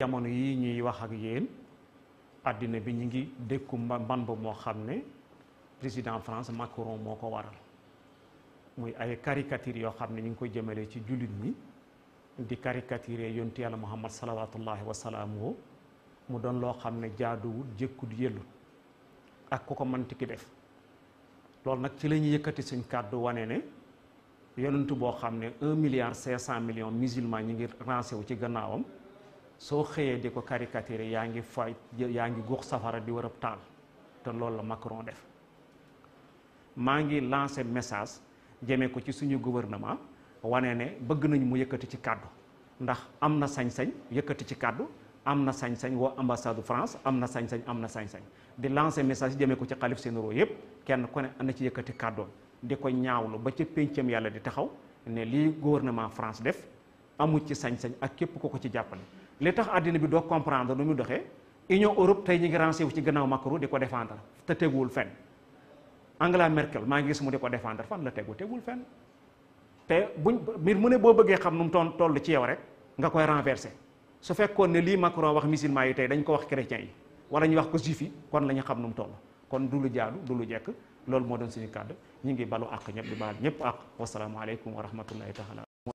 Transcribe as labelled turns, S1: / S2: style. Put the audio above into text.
S1: jamono yi ñuy wax ak yeen adina bi ñi ngi dekkum ban bo mo xamne France Macron moko waral muy ay caricature yo xamne ñi ngi koy jëmele ci julit ni di caricature yonti yalla Muhammad sallallahu alaihi wasallam mu don lo xamne jaadu wut jëkkut yelu ak ku ko mënti ki def loolu nak ci lañu yëkëti yëkkati suñ kàddu wane yonentu bo xamne 1 milliard 500 millions musulmans ñi ngi rancé wu ci gannaawam soo xëyee di ko caricaturer yaa ngi fay yaa ngi guux safara di wërëb taal te loolu la Macron def maa ngi lancé message jëmee ko ci suñu gouvernement wane ne bëgg nañ mu yëkkati ci kàddu ndax am na sañ-sañ yëkkati ci kàddu am na sañ-sañ woo ambassade France am na sañ-sañ am na sañ-sañ di lancé message jëmee ko ci xalif généraux yépp kenn ku ne ana ci yëkkati kàddoon di ko ñaawlu ba ca péncam yàlla di taxaw ne lii gouvernement France def amul ci sañ-sañ ak képp ko ko ci jàppale li tax adina bi do comprendre nu mu doxé Union Europe tay ñi ngi rensewu ci gënaaw Macron diko défendre te téggul fenn Angela Merkel ma ngi gis mu diko défendre fan la téggu téggul fenn te buñ mir mu né bo bëggé xam nu mu toon toll ci yow rek nga koy renverser su fekkoon né li Macron wax musulman yi tay dañ ko wax chrétien yi wala ñu wax ko jifi kon lañu xam nu mu toll kon du lu jaadu du lu jekk lool mo doon suñu cadre ñi ngi balu ak ñep di baal ak wassalamu alaykum wa rahmatullahi taala